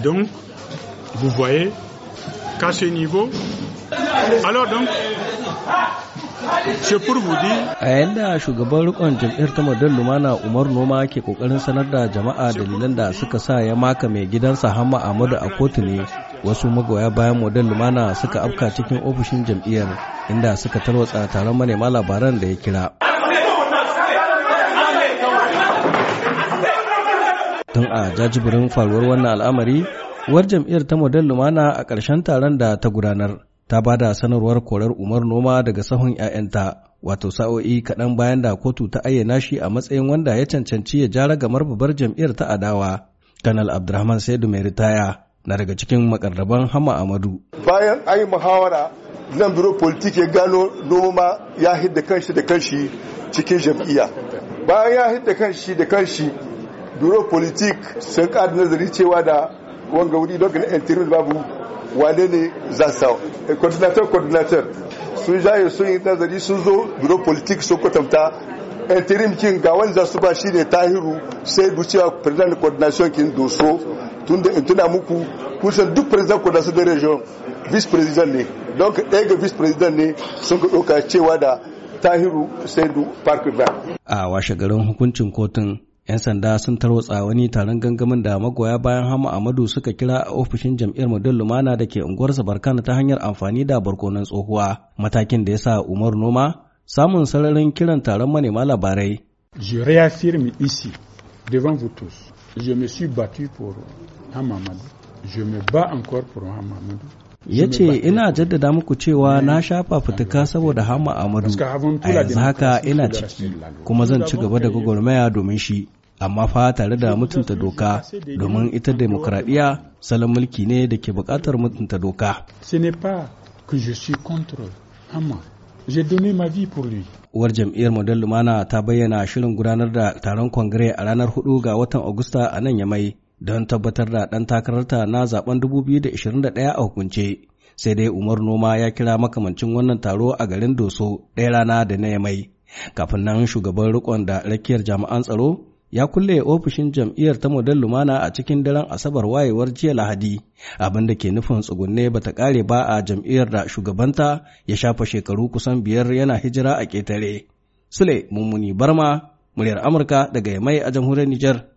Donc, vous voyez qu'à ce niveau, alors donc, A yanda shugaban rikon jam'iyyar ta madan Lumana Umar Noma ke kokarin sanar da jama'a dalilan da suka sa ya maka mai gidansa Hamma Ahmadu a kotu ne wasu magoya bayan Madal Lumana suka afka cikin ofishin jam'iyyar inda suka tarwatsa taron manema labaran da ya kira. a jajibirin faruwar wannan al'amari uwar jam'iyyar ta model lumana a ƙarshen taron da ta gudanar ta ba da sanarwar korar umar noma daga sahun 'ya'yanta wato sa'o'i kaɗan bayan da kotu ta ayyana shi a matsayin wanda ya cancanci ya jara gamar babbar jam'iyyar ta adawa kanal abdurrahman saidu mai ritaya na daga cikin makarraban hama amadu bayan an muhawara nan biro politik ya gano noma ya hidda kanshi da kanshi cikin jam'iyya bayan ya hidda kanshi da kanshi biro politik sun kada nazari cewa da wanga wuri don ganin intirin babu wane ne za su sawa coordinator coordinator sun jaye sun yi nazari sun zo biro politik sun kwatanta interim kin ga za su ba shi ne tahiru sai ducewa president coordination kin doso tun da in tuna muku kusan duk president coordination da region vice president ne don ka ɗaya ga vice president ne sun ka doka cewa da tahiru sai du park a washe garin hukuncin kotun 'Yan sanda sun tarwatsa wani taron gangamin da magoya bayan Hama Amadu suka kira a ofishin jam'iyyar Madun Lumana da ke unguwarsa Barkana ta hanyar amfani da barkonan tsohuwa, matakin da ya sa Umar Noma samun sararin kiran taron manema labarai. Je réaffirme ici me suis battu pour je me bats encore pour ya ce ina jaddada muku cewa na shafa fituka saboda hama amadu a yanzu haka ina ciki kuma zan ci gaba da gwagwarmaya domin shi amma fa tare da mutunta doka domin ita demokradiyya salon mulki ne da ke bukatar mutunta doka uwar jam'iyyar model lumana ta bayyana shirin gudanar da taron kwangare a ranar 4 ga watan agusta a nan ya mai. don tabbatar da ɗan takararta na zaben 2021 a hukunce sai dai umar noma ya kira makamancin wannan taro a garin doso ɗaya rana da na mai kafin nan shugaban rikon da rakiyar jami'an tsaro ya kulle ofishin jam'iyyar ta model lumana a cikin daren asabar wayewar jiya lahadi abin da ke nufin tsugunne bata kare ba a jam'iyyar da shugabanta ya shafa shekaru kusan biyar yana hijira a ƙetare sule mummuni barma muryar amurka daga mai a jamhuriyar nijar